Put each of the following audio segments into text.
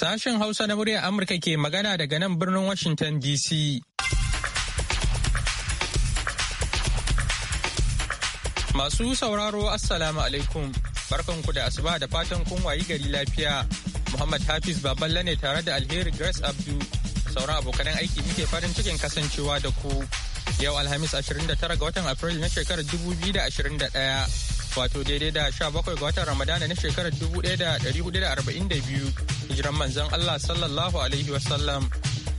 Sashen Hausa na muryar Amurka ke magana daga nan birnin Washington DC. Masu sauraro Assalamu alaikum. Barkanku da asuba da fatan kun wayi gari lafiya. Muhammad Hafiz Baballe ne tare da Alheri Grace Abdu. Sauran abokanan aiki muke farin cikin kasancewa da ku. Yau Alhamis 29 ga watan Afrilu na shekarar 2021. wato daidai da 17 ga watan ramadana na shekarar 1442 hijiran manzon Allah sallallahu alaihi wasallam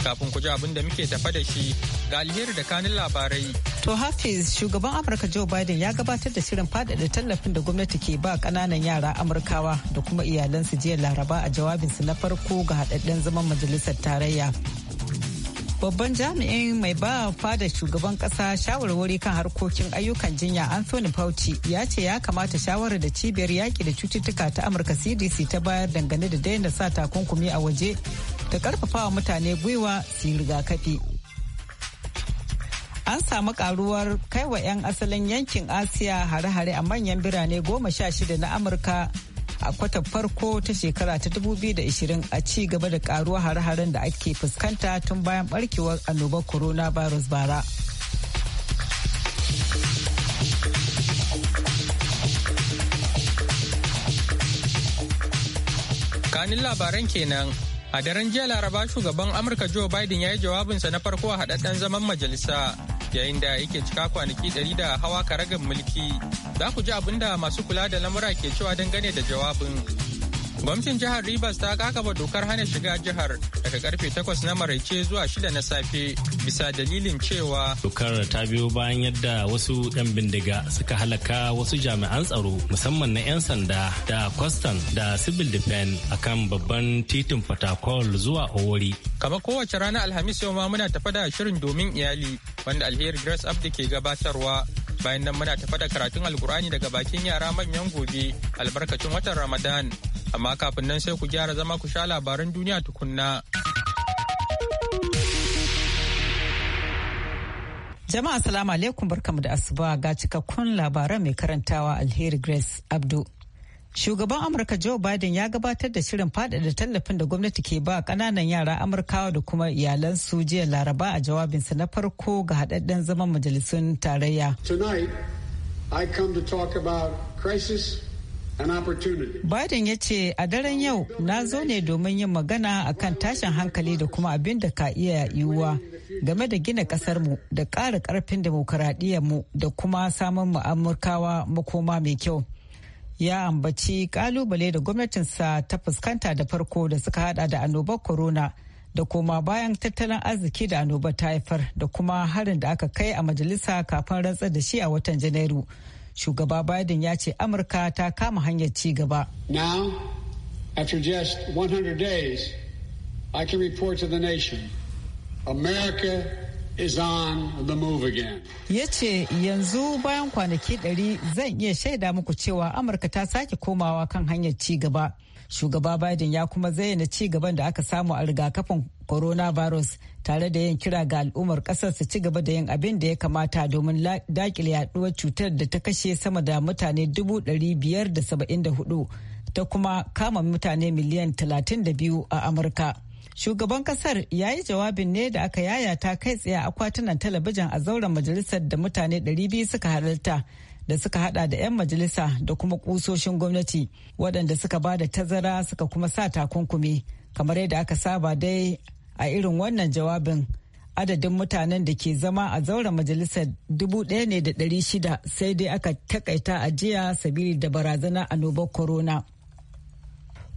kafin ku ji abin da muke tafa da shi ga alheri da kanin labarai. To Hafiz shugaban Amurka Joe Biden ya gabatar da shirin faɗaɗa tallafin da gwamnati ke ba kananan yara Amurkawa da kuma iyalansu jiya Laraba a jawabinsu na farko ga haɗaɗɗen zaman majalisar tarayya. babban jami'in mai ba fada shugaban kasa shawarwari kan harkokin ayyukan jinya anthony fauci ya ce ya kamata shawarar da cibiyar yaƙi da cututtuka ta amurka cdc ta bayar dangane da daina sa takunkumi a waje ta karfafawa mutane gwiwa su yi rigakafi an samu karuwar kaiwa 'yan asalin yankin asiya hare-hare a manyan birane goma sha shida na amurka a kwata farko ta shekara ta 2020 a ci gaba da karuwa hare-haren da ake fuskanta tun bayan barkewar annobar coronavirus bara. kanin labaran kenan a daren jiya laraba shugaban amurka joe biden ya yi jawabinsa na farko a haɗaɗɗen zaman majalisa yayin da yake cika kwanaki ɗari da hawa karagan mulki za ku ji abinda masu kula da lamura ke cewa dangane da jawabin Gwamnatin jihar Rivers ta kakaba dokar hana shiga jihar daga karfe 8 na maraice zuwa 6 na safe bisa dalilin cewa dokar ta biyo bayan yadda wasu 'yan bindiga suka halaka wasu jami'an tsaro musamman na 'yan sanda da kwastan da civil defense akan babban titin fatakol zuwa owori. Kama kowace rana Alhamis yau ma muna tafa da shirin domin iyali wanda alheri Grace Abdi ke gabatarwa bayan nan muna tafa da karatun alkur'ani daga bakin yara manyan gobe albarkacin watan Ramadan. amma kafin nan sai ku gyara zama ku sha labaran duniya tukunna. Jama'a salamu alaikum barkamu da asuba ga cikakkun labaran mai karantawa alheri Grace Abdu. Shugaban Amurka Joe Biden ya gabatar da shirin faɗaɗa tallafin da gwamnati ke ba ƙananan yara Amurkawa da kuma iyalansu jiya Laraba a jawabinsa na farko ga haɗaɗɗen zaman majalisun tarayya. Tonight, I come to talk about crisis Biden ya ce a daren yau na zo ne domin yin magana akan tashin hankali da kuma abin da ka iya yiwuwa game da gina kasarmu da ƙara ƙarfin mu da kuma samun mu'amurkawa makoma mai kyau. Ya ambaci ƙalubale da gwamnatinsa ta fuskanta da farko da suka hada da annobar corona da koma bayan tattalin arziki da annobar ta haifar da kuma harin da aka kai a majalisa kafin rantsar da shi a watan Janairu. Shugaba Biden ya ce Amurka ta kama hanyar ci gaba. Now, after just 100 days, I can report to the nation, America is on the move again. Ya ce yanzu bayan kwanaki ɗari zan iya shaida muku cewa Amurka ta sake komawa kan hanyar ci gaba. shugaba biden ya kuma zayyana ci gaban da aka samu a rigakafin coronavirus tare da yin kira ga al'ummar kasar su ci gaba da yin abin da ya kamata domin dakile yaduwar cutar da ta kashe sama da mutane 574 ta kuma kama mutane miliyan 32 a amurka shugaban kasar ya yi jawabin ne da aka yayata kai tsaye akwatunan talabijin a zauren majalisar da mutane 200 suka halarta da suka hada da 'yan majalisa da kuma kusoshin gwamnati waɗanda suka ba da tazara suka kuma sa takunkumi kamar yadda aka saba dai a irin wannan jawabin adadin mutanen da ke zama a zauren majalisar dubu ɗaya ne da ɗari shida sai dai aka takaita ajiya sabili da barazana annobar corona.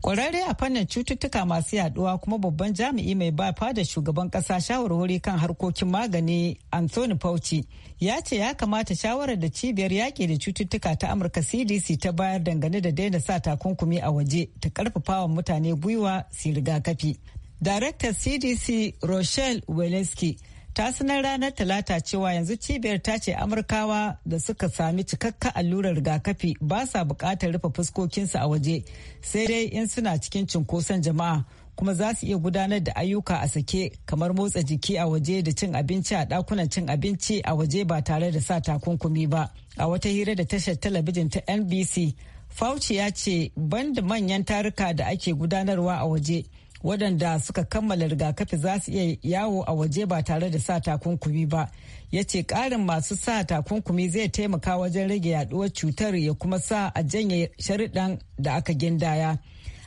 Kwararre a fannin cututtuka masu yaduwa kuma babban jami'i mai ba fada shugaban kasa shawarwari kan harkokin magani Anthony Fauci ya ce ya kamata shawarar da cibiyar yaƙi da cututtuka ta Amurka CDC ta bayar dangane da daina sa takunkumi a waje ta karfafawa mutane gwiwa su rigakafi. Director CDC Rochelle Walensky ta sanar ranar talata cewa yanzu cibiyar ta ce amurkawa da suka sami cikakka allurar rigakafi ba sa bukatar rufe fuskokinsu a waje sai dai in suna cikin cinkoson jama'a kuma za su iya gudanar da ayyuka a sake kamar motsa jiki a waje da cin abinci a dakunan cin abinci a waje ba tare da sa takunkumi ba a wata hira da tashar talabijin ta nbc fauci ya ce banda manyan taruka da ake gudanarwa a waje waɗanda suka kammala rigakafi za su iya yawo a waje ba tare da sa takunkumi ba ya ce ƙarin masu sa takunkumi zai taimaka wajen rage yaduwar cutar ya kuma sa a janye sharuɗan da aka gindaya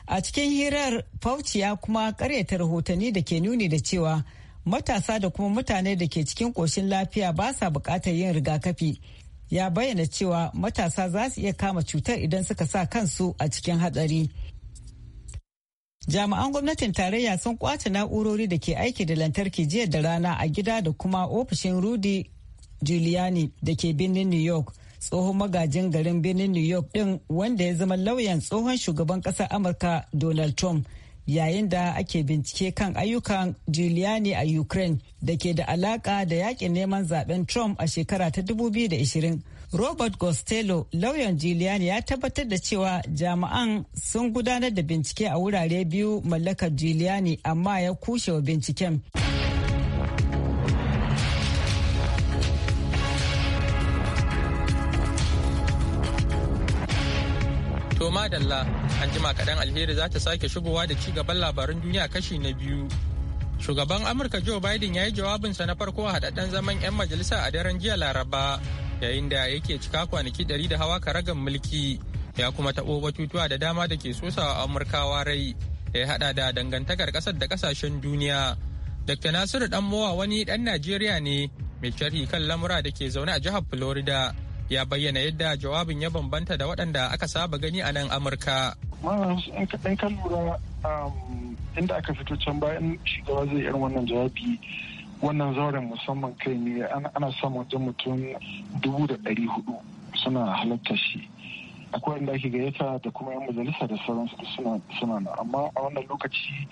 a cikin hirar fauci ya kuma karyata rahotanni da ke nuni da cewa matasa da kuma mutane da ke cikin ƙoshin lafiya ba sa buƙatar yin rigakafi ya bayyana cewa matasa za su iya kama cutar idan suka sa kansu a cikin hatsari jami'an gwamnatin tarayya sun kwace na'urori da ke aiki da lantarki jiya da rana a gida da kuma ofishin Rudi giuliani da ke birnin new york tsohon magajin garin birnin new york din wanda ya zama lauyan tsohon shugaban ƙasar amurka donald trump yayin da ake bincike kan ayyukan giuliani a ukraine da ke da alaka da yakin neman zaben trump a shekara ta 2020 Robert Costello, lauyan Giuliani ya tabbatar da cewa jami'an sun gudanar da bincike a wurare biyu mallakar Giuliani amma ya kushe wa binciken. toma madalla, an jima kaɗan alheri za ta sake shigowa da ci gaban labaran duniya kashi na biyu. Shugaban Amurka Joe Biden ya yi jawabinsa na farko a haɗaɗɗen zaman 'yan majalisa a daren jiya Laraba, yayin da yake cika kwanaki ɗari da hawa karagan mulki, ya kuma taɓo batutuwa da dama da ke sosawa Amurkawa rai, da ya haɗa da dangantakar ƙasar da ƙasashen duniya. Dr. Nasiru Ɗanmowa wani ɗan Najeriya ne mai sharhi kan lamura da ke zaune a jihar Florida, ya bayyana yadda jawabin ya bambanta da waɗanda aka saba gani a nan Amurka. in ka lura um, inda aka fito can bayan shugaba zai irin wannan jawabi wannan zauren musamman kai ne ana samun wajen mutum dubu da ɗari hudu suna halatta shi akwai wanda ake gayyata da kuma yan majalisa da sauransu da suna na amma a wannan lokaci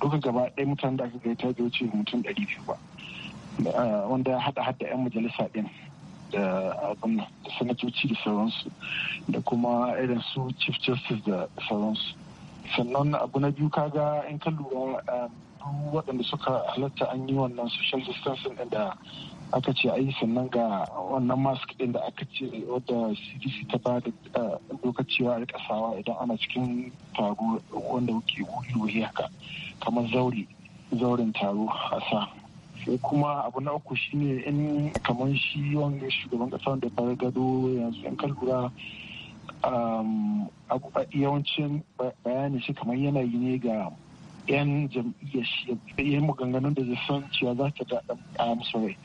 duka gaba ɗaya mutanen da aka gayyata bai wuce mutum ɗari biyu ba wanda ya haɗa hada yan majalisa ɗin da abin da sanatoci da sauransu da kuma irin su chief justice da sauransu sannan abu na biyu kaga in ka lura eh, waɗanda suka halatta an yi wannan social distancing da aka ce ayi sannan ga wannan mask ɗin da aka ce wadda cdc ta ba da lokacewa eh, a kasawa idan ana cikin taro wanda wuki wuri haka kamar zaure zauren taro a sa sai kuma abu na uku shine in kamar shi wanga shugaban kasa da fara gado yanzu in kalura um, yawancin bayani shi kamar yanayi ne ga 'yan jam'iyyar shi ya maganganun da zai san cewa za ta daɗa a musu rai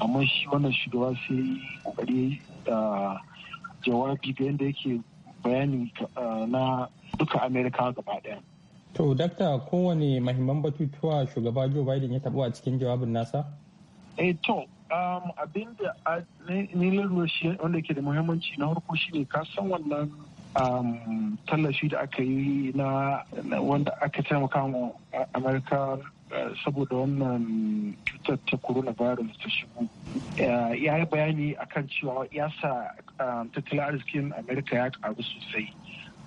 amma shi wannan shugaba sai yi kokari da jawabi da yadda yake bayani uh, na duka amerika gaba ɗaya To, dakta kowane mahimman batutuwa shugaba Joe Biden ya taɓo a cikin jawabin nasa? Eh to, um, abin da ni lura shi wanda ke da muhimmanci na harko shi ne kasan wannan um, tallafi da aka yi na wanda aka taimaka mu Amerika eh, saboda wannan cutar ta coronavirus ta shigo eh, ya yi bayani akan cewa ya sa um, tattalin arzikin amerika ya karu sosai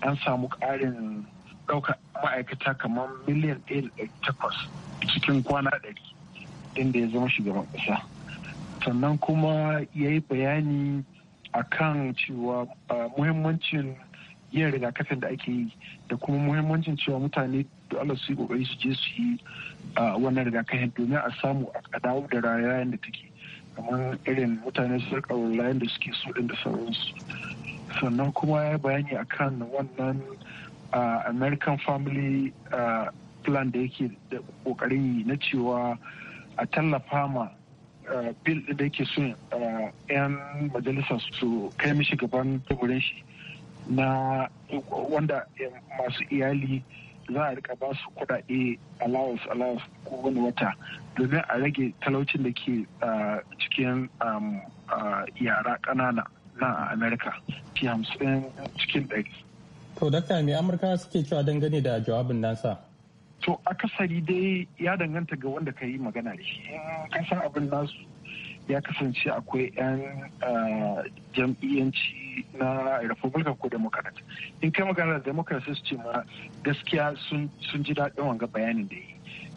an samu ƙarin ɗaukar ma'aikata kamar miliyan ɗaya takwas cikin kwana ɗari inda ya zama shugaban ƙasa sannan kuma ya yi bayani a kan cewa ah, muhimmancin yin rigakafin da ake yi da kuma muhimmancin cewa mutane da Allah su yi kokari su je su yi ah, wannan rigakafin domin a samu a dawo da rayayen da take kamar irin mutane su rika layan da suke so din da sauransu sannan kuma ya yi bayani akan wannan american family plan da yake da kokarin yi na cewa a tallafa ma bil da yake so 'yan majalisa su kai mishi gaban teburin shi na wanda masu iyali za a rika ba su kudade allowance allowance ko wani wata domin a rage talaucin da ke cikin yara ƙanana na amerika Ke hamsin cikin ɗari To dakta me Amurka suke cewa dangane da jawabin nasa? To akasari dai ya danganta ga wanda ka yi magana da shi. kasar abin nasu ya kasance akwai 'yan jam'iyyanci na Republican ko Democrat. In kai magana da Democrat su ce ma gaskiya sun ji daɗin wanga bayanin da yi.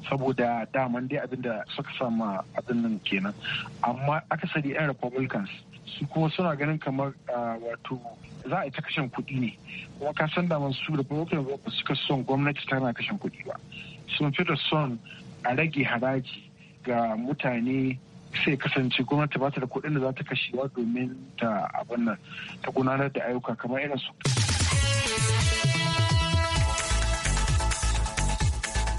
Saboda daman dai abin da suka sama abin nan kenan. Amma akasari 'yan Republicans su kuma suna ganin kamar ah, wato za a yi ta kashen kuɗi ne kuma ka san daman su da program ba suka son gwamnati tana kashen kuɗi ba sun fi da son a rage haraji ga mutane sai kasance gwamnati ba ta da kuɗin da za ta kashewa domin ta abin nan ta gudanar da ayyuka kamar irin su.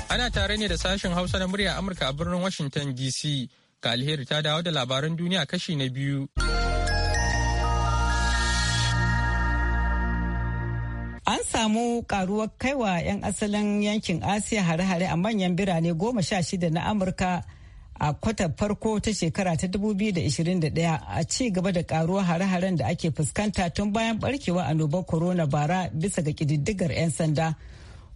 Ana tare ne da sashen Hausa na murya Amurka a birnin Washington DC. Ka alheri ta dawo da labaran duniya kashi na biyu. samu karuwar kaiwa 'yan asalin yankin asiya hare-hare a manyan birane goma sha shida na amurka a kwatar farko ta shekara ta 2021 a ci gaba da karuwar hare-haren da ake fuskanta tun bayan barkewa annobar corona bara bisa ga kididdigar 'yan sanda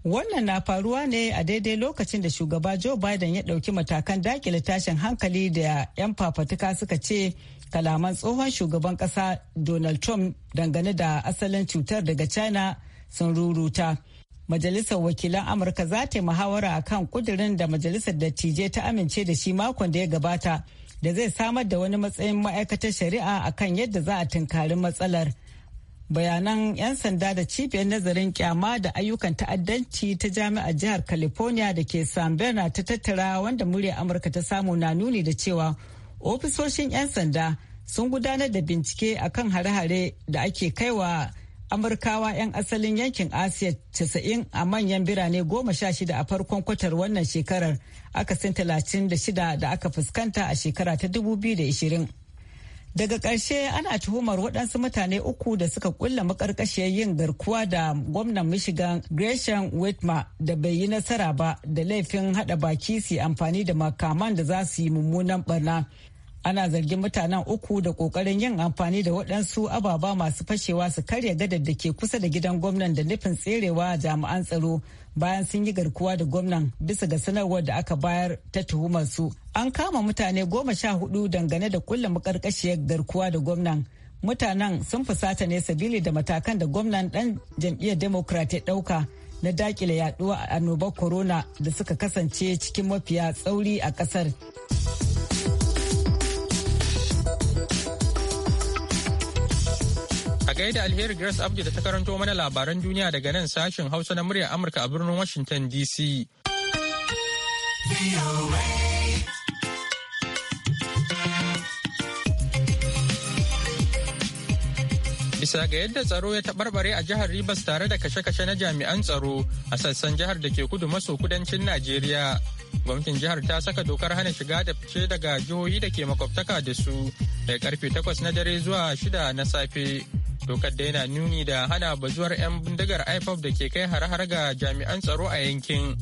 wannan na faruwa ne a daidai lokacin da shugaba joe biden ya ɗauki matakan dakile tashin hankali da 'yan fafatuka suka ce kalaman tsohon shugaban ƙasa donald trump dangane da asalin cutar daga china sun ruruta. Majalisar wakilan Amurka za ta yi muhawara a kan kudirin da majalisar dattijai ta amince da shi makon da ya gabata da zai samar da wani matsayin ma'aikatar shari'a a kan yadda za a tunkari matsalar. Bayanan 'yan sanda da cibiyar nazarin kyama da ayyukan ta'addanci ta jami'ar jihar California da ke San ta tattara wanda murya Amurka ta samu na nuni da cewa ofisoshin 'yan sanda sun gudanar da bincike akan hare-hare da ake kaiwa Amurkawa 'yan asalin yankin Asiya 90 a manyan birane goma sha shida a farkon kwatar wannan shekarar akasin 36 da aka fuskanta a shekara ta 2020. Daga ƙarshe ana tuhumar waɗansu mutane uku da suka kulla makarkashiyar yin garkuwa da gwamnan Michigan Gresham Whitmer da bai yi nasara ba da laifin haɗa baki su amfani da makaman da za su yi mummunan barna. ana zargin mutanen uku da kokarin yin amfani da waɗansu ababa masu fashewa su karya gadar da ke kusa da gidan gwamnan da nufin tserewa jami'an tsaro bayan sun yi garkuwa da gwamnan bisa ga sanarwar da aka bayar ta tuhumar su an kama mutane goma sha hudu dangane da kulla makarkashiyar garkuwa da gwamnan mutanen sun fusata ne sabili da matakan da gwamnan dan jam'iyyar democrat ya ɗauka na dakile yaduwa annobar corona da suka kasance cikin mafiya tsauri a kasar. A gaida alheri Grace Abdi da ta karanto mana labaran duniya daga nan sashen Hausa na muryar Amurka a birnin Washington DC. Bisa ga yadda tsaro ya taɓarɓare a jihar Ribas tare da kashe-kashe na jami'an tsaro a sassan jihar da ke kudu maso kudancin Najeriya. Gwamnatin jihar ta saka dokar hana shiga da fice daga jihohi da ke makwabtaka da su daga karfe 8 na dare zuwa 6 na safe. dokar da yana nuni da hana bazuwar 'yan bindigar ipop da ke kai har-har ga jami'an tsaro a yankin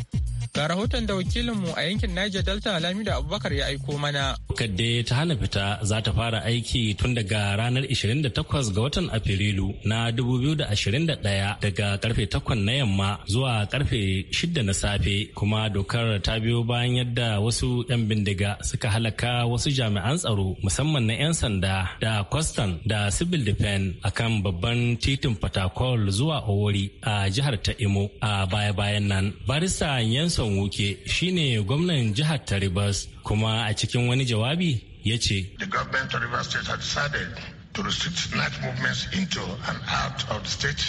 Ga rahoton da wakilinmu a yankin Niger Delta da Abubakar ya aiko mana. Kadde ta hana fita za ta fara aiki tun daga ranar 28 ga watan Afrilu na 2021 daga karfe 8 na yamma zuwa karfe 6 na safe kuma dokar ta biyo bayan yadda wasu 'yan bindiga suka halaka wasu jami'an tsaro musamman na 'yan sanda da kwastan da civil defense kan babban titin Fatakol zuwa Owori a jihar ta Imo a baya-bayan nan. Barista Yansu Hassan Wuke shine gwamnan jihar ta Rivers kuma a cikin wani jawabi ya ce. The government of Rivers State has decided to restrict night movements into and out of the state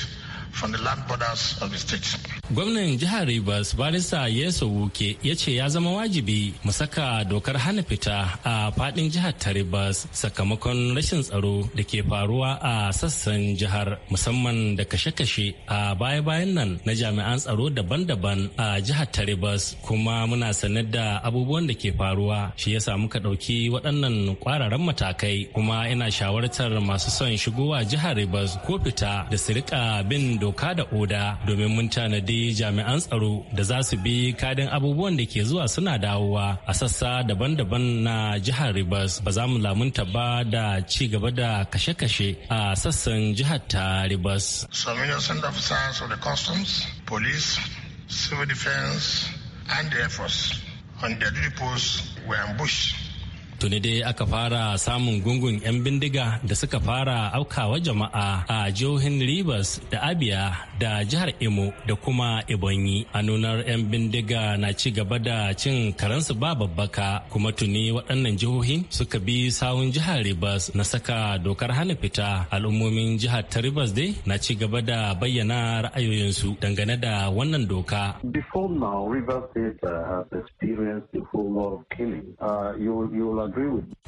from the land borders of the state. Gwamnan jihar Rivers Barisa Yeso Wuke ya ce ya zama wajibi mu saka dokar hana fita a fadin jihar ta Rivers sakamakon rashin tsaro da ke faruwa a sassan jihar musamman da kashe-kashe a baya-bayan nan na jami'an tsaro daban-daban a jihar ta Rivers kuma muna sanar da abubuwan da ke faruwa shi yasa muka ɗauki waɗannan kwararan matakai kuma ina shawartar masu son shigowa jihar Rivers ko fita da su rika bin doka da oda domin mun tanadi jami'an tsaro da za su bi kadin abubuwan da ke zuwa suna dawowa a sassa daban-daban na jihar Rivers. Ba za mu lamunta ba da ci gaba da kashe-kashe a sassan jihar ta Rivers. Some officers of the customs, police, civil defense and the air force on their duty posts were ambushed tuni dai aka fara samun gungun 'yan bindiga da suka fara aukawa jama'a a jihohin rivers da abia da jihar imo da kuma ibonyi a nunar 'yan bindiga na ci gaba da cin karansu ba babbaka kuma tuni waɗannan jihohin suka bi sawun jihar rivers na saka dokar hana fita al'ummomin jihar ta rivers dai na ci gaba da bayyana ra'ayoyinsu dangane da wannan doka before now rivers state uh, has a of killing uh, you, you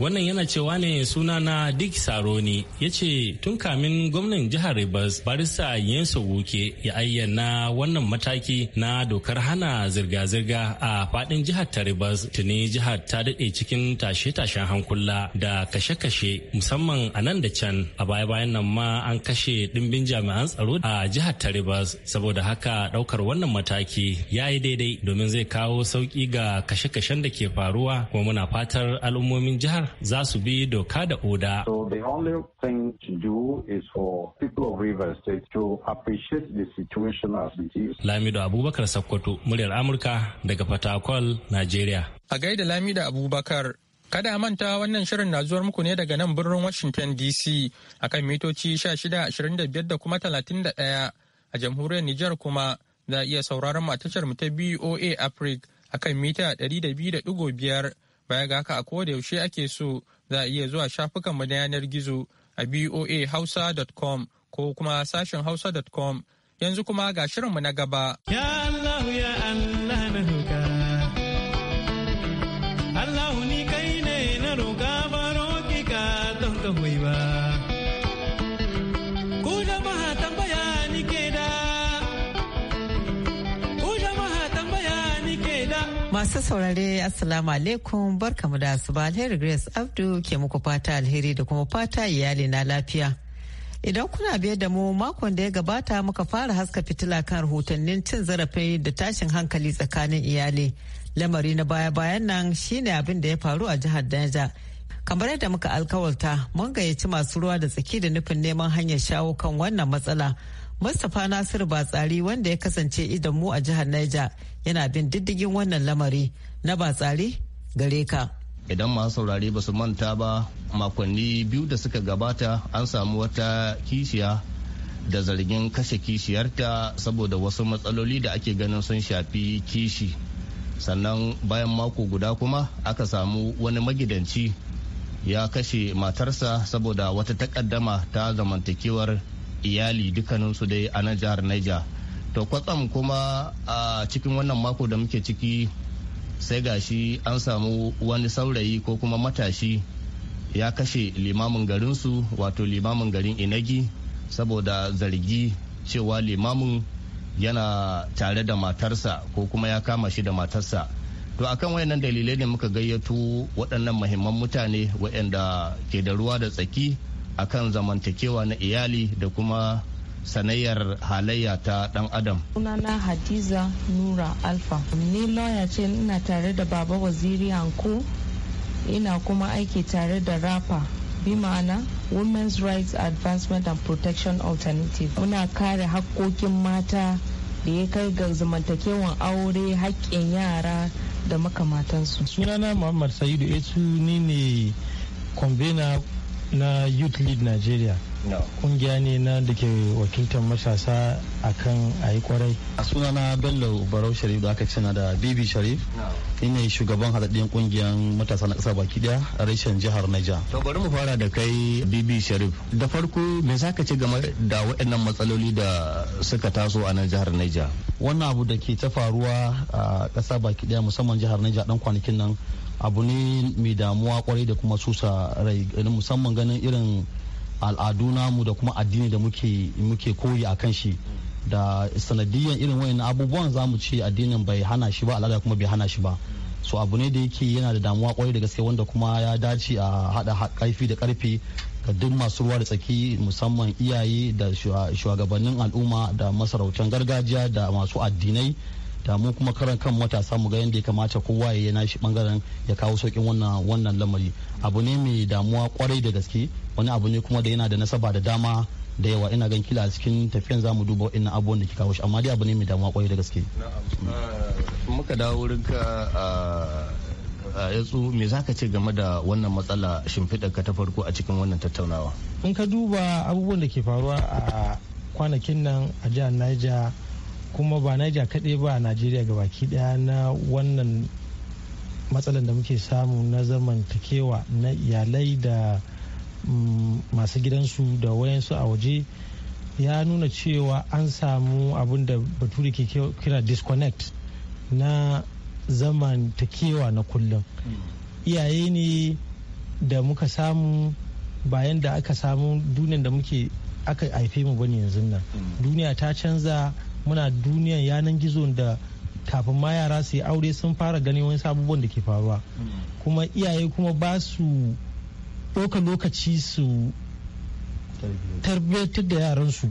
Wannan yana cewa ne suna na Dick Saroni ya ce tun kamin gwamnan jihar Rivers barista Yenso Wuke ya ayyana wannan mataki na dokar hana zirga-zirga a fadin jihar ta Rivers tuni jihar ta daɗe cikin tashe-tashen hankula da kashe-kashe musamman a nan da can a baya-bayan nan ma an kashe ɗimbin jami'an tsaro a jihar ta Rivers saboda haka ɗaukar wannan mataki ya yi daidai domin zai kawo sauƙi ga kashe-kashen da ke faruwa kuma muna fatar al'umma hukumomin jihar za su bi doka da oda. Lamido Abubakar Sakkwato, muryar Amurka daga Fatakwal, Najeriya. A gaida Lamido Abubakar, Kada manta wannan shirin na zuwar muku ne daga nan birnin Washington DC akan mitoci 1625 da kuma 31 a jamhuriyar Nijar kuma za a iya sauraron matashar a tashar mu ta BOA Africa akan mita 200.5 Baya ga haka a koda yaushe ake so za a iya zuwa shafukanmu na yanar gizo a boahausa.com ko kuma sashen hausa.com yanzu kuma ga shirinmu na gaba. Yeah. Masu saurare Assalamu alaikum barkamu da asuba alheri Grace Abdu ke muku fata alheri da kuma fata iyali na lafiya. Idan kuna biye da mu makon da ya gabata muka fara haska fitila kan rahotannin cin zarafi da tashin hankali tsakanin iyali. Lamari na baya-bayan nan shine abin da ya faru a jihar daja Kamar yadda muka alkawalta mun gayyaci masu ruwa da tsaki da nufin neman hanyar shawo kan wannan matsala. Mustapha Nasir Batsari wanda ya kasance idan mu a jihar Niger yana bin diddigin wannan lamari na Batsari gare ka. Idan masu saurare ba su manta ba makonni biyu da suka gabata an samu wata kishiya da zargin kashe kishiyarta saboda wasu matsaloli da ake ganin sun shafi kishi. Sannan bayan mako guda kuma aka samu wani magidanci ya kashe matarsa saboda wata takaddama ta zamantakewar iyali dukkaninsu dai a nan jihar Niger. To kwatsam kuma a cikin wannan mako da muke ciki sai gashi an samu wani saurayi ko kuma matashi ya kashe limamin garinsu wato limamin garin Inagi saboda zargi cewa limamin yana tare da matarsa ko kuma ya kama shi da matarsa. to akan wayannan dalilai ne muka gayyato waɗannan mahimman mutane waɗanda ke da ruwa da tsaki akan zamantakewa na iyali da kuma sanayyar halayya ta dan adam. sunana hadiza nura alfa ni lawyer ce ina tare da baba waziri hanko ina kuma aiki tare da rapa bi ma'ana women's rights advancement and protection alternative muna kare hakkokin mata da ya kai ga zamantakewan aure haƙƙin yara da makamatansu sunana muhammad sa'idu esu ni ne convener na youth lead nigeria kungiya ne na da ke wakiltar matasa a kan a yi kwarai a sunana bello barau sharif da aka cina da BB sharif ni ne shugaban haɗaɗɗen kungiyar matasa na kasa baki daya a reshen jihar naija to bari mu fara da kai BB sharif da farko me za ka ce game da waɗannan matsaloli da suka taso a nan jihar naija wannan abu da ke ta faruwa a kasa baki daya musamman jihar naija dan kwanakin nan abu ne mai damuwa kwarai da kuma susa rai musamman ganin irin al'adu namu da kuma addini da muke koyi a kan shi da sanadiyan irin wayan abubuwan za mu ce addinin bai hana shi ba al'ada kuma bai hana shi ba so abu ne da yake yana da damuwa kwarai da gaske wanda kuma ya dace a hada kaifi da karfi ga duk masu ruwa da tsaki musamman iyaye da shugabannin al'umma da masarautan gargajiya da masu addinai da mu kuma karan kan matasa mu ga yadda ya kamata kowa ya yana shi bangaren ya kawo saukin wannan wannan lamari abu ne mai damuwa kwarai da gaske wani abu ne kuma da yana da nasaba da dama da yawa ina gan kila a cikin tafiyan zamu duba wa'in abubuwan da ke kawo shi amma dai abu ne mai damuwa kwarai da gaske muka dawo wurin ka yatsu me zaka ce game da wannan matsala shimfiɗa ka ta farko a cikin wannan tattaunawa in ka duba abubuwan da ke faruwa a kwanakin nan a jihar niger kuma ba Niger kaɗai ba a Najeriya ga baki ɗaya na wannan matsalar da muke samu na zamantakewa na iyalai da mm, masu gidansu da wayansu a waje ya nuna cewa an samu abin da bature ke kira disconnect na zamantakewa na kullum mm. iyaye ne da muka samu bayan da aka samu duniyan da muke aka haife mu bane yanzu nan mm. duniya ta canza muna duniyan yanan gizo da kafin ma yara su yi aure sun fara ganin wani sabubban da ke faruwa kuma iyaye kuma ba su ɗauka lokaci su tarbiyyantar da yaran su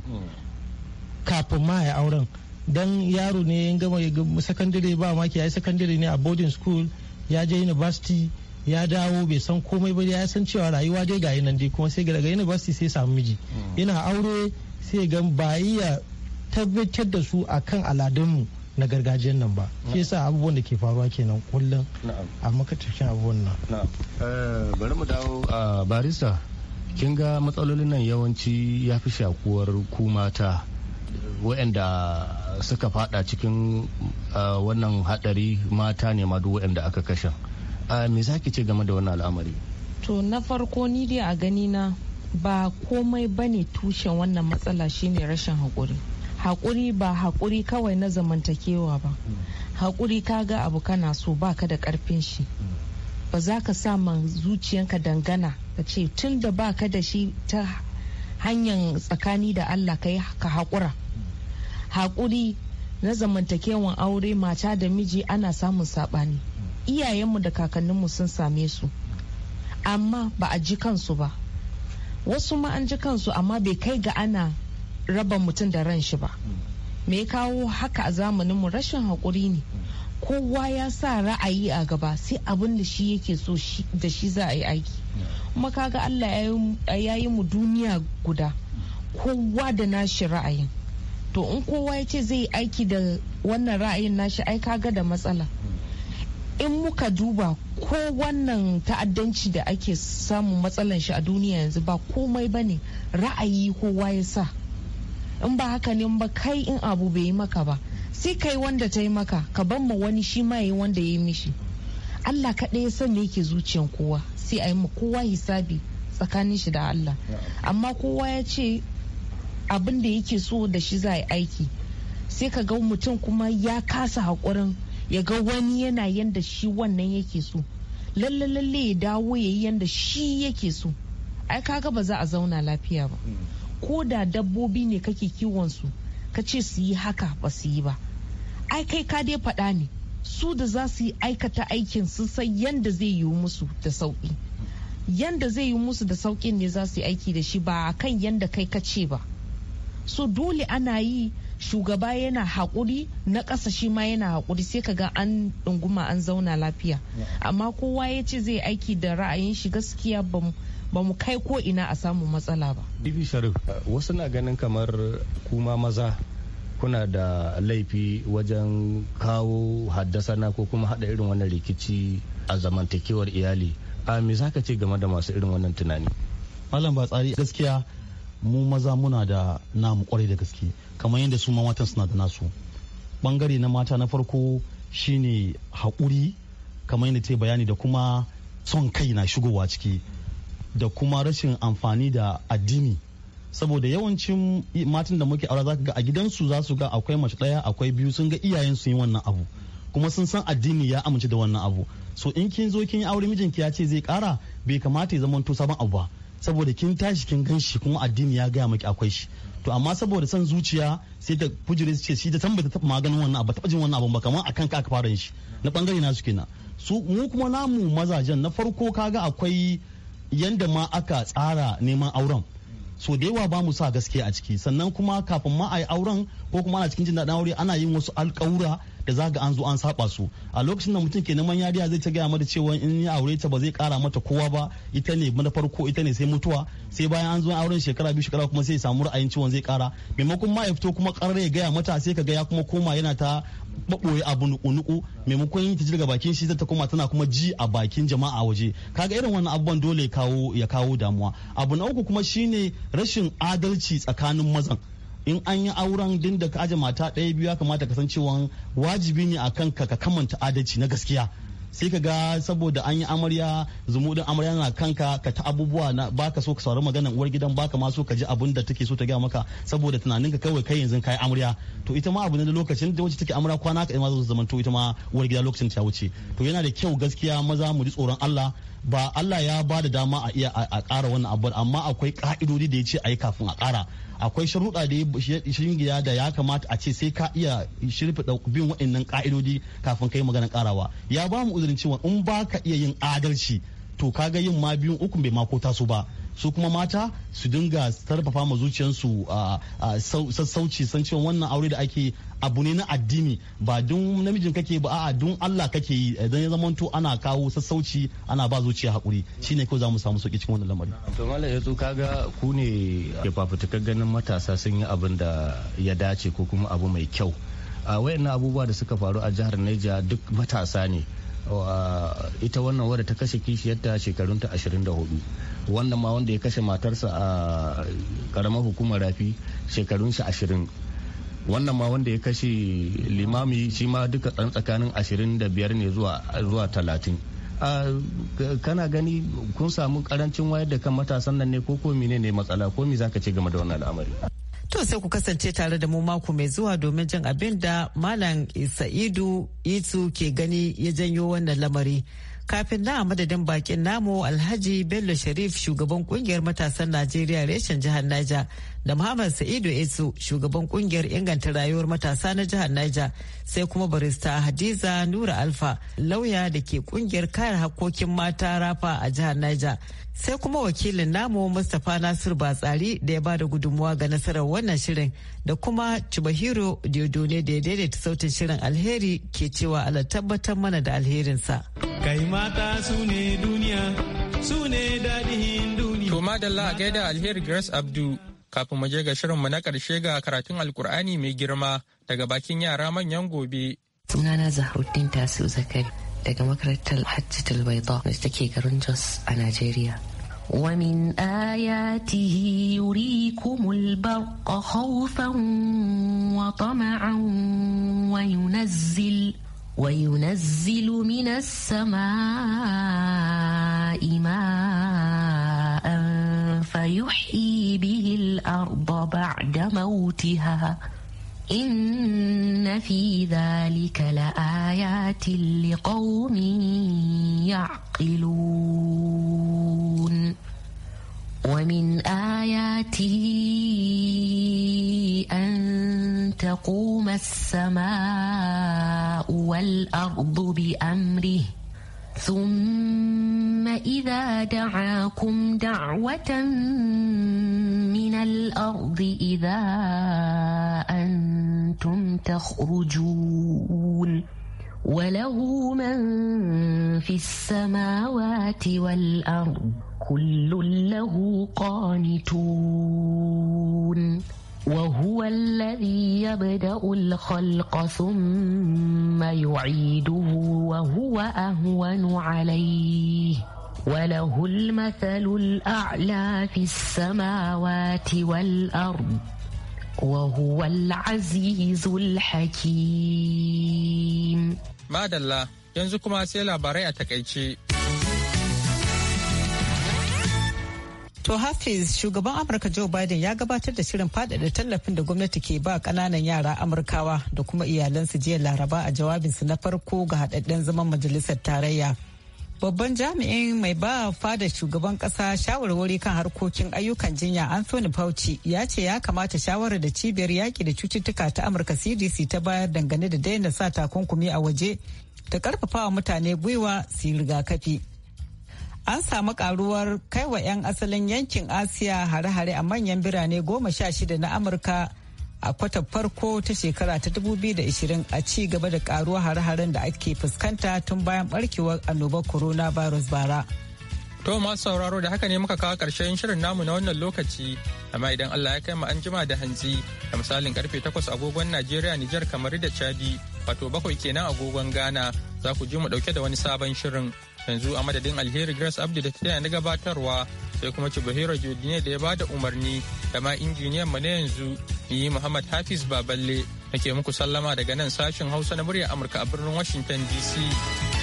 kafin ma ya auren don yaro ne ya gama sakandare ba ke ya yi sakandare ne a boarding school ya je university ya dawo bai san komai ba ya san cewa rayuwa dai ga nan dai kuma sai daga university sai samu miji yana aure sai ga ba iya tabbatar da su a akan aladunmu na gargajiyar nan ba shi yasa abubuwan da ke faruwa kenan kullum a makatashin abubuwan nan eh, bari mu dawo a barista kin ga matsalolin nan yawanci ya fi shakuwar ku mata waɗanda suka fada cikin wannan hadari mata ne ma duk aka kashe me za ki ce game da wannan al'amari to na farko ni dai a gani na ba komai bane tushen wannan matsala shine rashin haƙuri haƙuri ba haƙuri kawai na zamantakewa ba haƙuri ga abu kana so baka da ƙarfin shi ba za ka sa ma zuciyanka dangana ka ce tun da ba ka da shi ta hanyar tsakani da allah ka yi ka haƙura haƙuri na zamantakewan aure mata da miji ana samun saɓani iyayenmu da kakanninmu sun same su amma ba a ji kansu ba wasu ma an ji kansu amma bai kai ga ana raba mutum da ran shi ba me ya kawo haka a zamanin mu rashin haƙuri ne kowa ya sa ra'ayi a gaba sai abin da shi yake so da shi za a yi aiki kuma kaga Allah ya yi mu duniya guda kowa da nashi ra'ayin to in kowa ya ce zai yi aiki da wannan ra'ayin nashi ai kaga da matsala in muka duba ko wannan ta'addanci da ake samun matsalan shi a duniya yanzu ba komai bane ra'ayi kowa ya sa in ba haka ne ba kai in abu bai yi maka ba sai kai wanda ta yi maka ka ban ma wani shi ma yi wanda ya yi mishi Allah kaɗai ya san yake zuciyan kowa sai a yi ma kowa hisabi tsakanin shi da Allah amma kowa ya ce abin da yake so da shi za a yi aiki sai ka ga mutum kuma ya kasa haƙurin ya ga wani yana yanda shi wannan yake so lalle lalle ya dawo ya yi yanda shi yake so ai kaga ba za a zauna lafiya ba mm. ko da dabbobi ne kake kiwon su ka ce su yi haka ba su yi ba ai kai ka dai faɗa ne su da za su yi aikata aikin su san yanda zai yi musu da sauƙi yanda zai yi musu da sauƙin ne za su yi aiki da shi ba kan yanda kai ka ce ba so dole ana yi shugaba yana haƙuri na ƙasa shi ma yana haƙuri sai ka ga an ɗunguma an zauna lafiya amma kowa ya ce zai aiki da ra'ayin shi gaskiya ba ba mu kai ko ina a samu matsala ba dibi sharif uh, wasu na ganin kamar kuma maza kuna da laifi wajen kawo haddasa na ko kuma hada irin wannan rikici a zamantakewar iyali a me ka ce game da masu irin wannan tunani malam ba tsari gaskiya mu maza muna da namu kwarai da gaske kamar yadda su matan suna da nasu bangare na mata na farko shine haƙuri kamar yadda ta bayani da kuma son kai na shigowa ciki da kuma rashin amfani da addini saboda yawancin matan da muke aura zaka ga a gidansu za su ga akwai mace ɗaya akwai biyu sun ga iyayen su yin wannan abu kuma sun san addini ya amince da wannan abu so in kin zo kin yi aure mijinki ya ce zai kara bai kamata ya zama to sabon abu ba saboda kin tashi kin gan shi kuma addini ya gaya maki akwai shi to amma saboda san zuciya sai da su ce shi da san ta taba maganin wannan abu ta jin wannan abu ba kamar akan ka aka fara shi na bangare na su kenan su mu kuma namu mazajen na farko kaga akwai yanda ma aka tsara neman auren so da yawa ba mu sa gaskiya a ciki sannan kuma kafin ma a yi auren ko kuma ana cikin jin daɗin aure ana yin wasu alƙawura da za ga an zo an saba su a lokacin da mutum ke neman yariya zai ta gaya mata cewa in ya aure ta ba zai kara mata kowa ba ita ne na farko ita ne sai mutuwa sai bayan an zo auren shekara biyu shekara kuma sai samu ra'ayin ciwon zai kara maimakon ma ya fito kuma karar ya gaya mata sai ka ga kuma koma yana ta baboye abu nuku-nuku maimakon yin ta jirga bakin shi ta koma tana kuma ji a bakin jama'a waje kaga irin wannan abubuwan dole ya kawo damuwa abu na uku kuma shine rashin adalci tsakanin mazan in an yi auren din da ka aje mata ɗaya biyu ya kamata ka wajibi ne akan ka ka kamanta adalci na gaskiya sai ka ga saboda an yi amarya zumudin amarya na kanka ka ta abubuwa na baka so ka saurari maganar uwar gidan baka ma so ka ji abin da take so ta gaya maka saboda tunanin ka kawai kai yanzu kai amarya to ita ma abu ne da lokacin da wacce take amarya kwana ka ma zo zaman to ita ma uwar gida lokacin ta wuce to yana da kyau gaskiya maza mu ji tsoron Allah ba Allah ya ba da dama a iya a ƙara wannan abu amma akwai ka'idodi da ya ce a yi kafin a kara akwai sharuɗa da ya shingiya da ya kamata a ce sai ka iya shirfiɗa bin waɗannan ka'idodi kafin kai yi maganar ƙarawa ya ba mu uzurin cewa in ba ka iya yin adalci to kaga yin ma biyun uku bai mako taso ba su kuma mata su dinga sarfafa ma zuciyarsu sassauci san cewa wannan aure da ake abu ne na addini ba don namijin kake ba a don Allah kake yi idan ya zamanto ana kawo sassauci ana ba zuciya hakuri shine kai za mu samu sauki cikin wannan lamari to mallam yatsu kaga ku ne ke fafutukar ganin matasa sun yi abin da ya dace ko kuma abu mai kyau a wayannan abubuwa da suka faru a jihar Niger duk matasa ne ita wannan wadda ta kashe kishiyarta shekarunta 24 wannan ma wanda ya kashe matarsa a karamar hukumar rafi shekarunsa 20 wannan ma wanda ya kashe limami shi ma duka dan tsakanin ashirin da biyar ne zuwa talatin kana gani kun samu karancin wayar da kan matasan nan ne ko ko ne matsala ko me zaka ce game da wannan al'amari To sai ku kasance tare da mu mako mai zuwa domin jin abin da Malam Sa'idu Itu ke gani ya janyo wannan lamari. Kafin na a madadin bakin namu Alhaji Bello Sharif shugaban kungiyar matasan Najeriya reshen jihar Niger. da Muhammad Sa'idu Esu shugaban kungiyar inganta rayuwar matasa na jihar Niger sai kuma barista Hadiza Nura Alfa lauya da ke kungiyar kare hakkokin mata rafa a jihar Niger sai kuma wakilin namu Mustapha Nasir Batsari da ya ba da gudunmuwa ga nasarar wannan shirin da kuma Chibahiro Diodone da ya daidaita sautin shirin alheri ke cewa ala tabbatar mana da alherinsa. Kai mata su ne duniya su ne daɗin duniya. To madalla a gaida alheri Grace Abdu Kafin mu je ga shirinmu na ƙarshe ga karatun Alkur'ani mai girma daga bakin yara manyan gobe. Sunana Zahruddin Tasiu Zakari daga makarantar Hajjatul Baida da take garin Jos a Najeriya. ومن آياته يريكم البرق خوفا وطمعا وينزل وينزل من السماء ماء فيحيي الأرض بعد موتها إن في ذلك لآيات لقوم يعقلون ومن آياته أن تقوم السماء والأرض بأمره ثم إذا دعاكم دعوة من الأرض إذا أنتم تخرجون وله من في السماوات والأرض كل له قانتون وهو الذي يبدأ الخلق ثم يعيده وهو أهون عليه وله المثل الأعلى في السماوات والأرض وهو العزيز الحكيم ما دلّا ينزكما اسئله بريئة كيتشي To Hafiz shugaban Amurka Joe Biden ya gabatar da shirin faɗaɗa tallafin da gwamnati ke ba ƙananan yara Amurkawa da kuma iyalansu jiya Laraba a jawabinsu na farko ga haɗaɗɗen zaman majalisar tarayya. Babban jami'in mai ba fada shugaban ƙasa shawarwari kan harkokin ayyukan jinya Anthony Fauci ya ce ya kamata shawarar da cibiyar yaƙi da cututtuka ta Amurka CDC ta bayar dangane da daina sa takunkumi a waje ta ƙarfafawa mutane gwiwa su yi rigakafi. an samu karuwar kaiwa 'yan asalin yankin asiya hare-hare a manyan birane goma sha shida na amurka a kwata farko ta shekara ta 2020 a ci gaba da karuwar hare-haren da ake fuskanta tun bayan barkewar annobar coronavirus bara to masu sauraro da haka ne muka kawo karshen shirin namu na wannan lokaci amma idan allah ya kai mu an jima da hantsi da misalin karfe 8 agogon najeriya nijar kamar da chadi wato bakwai kenan agogon ghana za ku ji mu dauke da wani sabon shirin yanzu a madadin alheri grace abdu da ta na gabatarwa sai kuma cibahiro jodine da ya ba da umarni da ma injiniyan mu na yanzu ni muhammad hafiz baballe nake muku sallama daga nan sashin hausa na murya amurka a birnin washington dc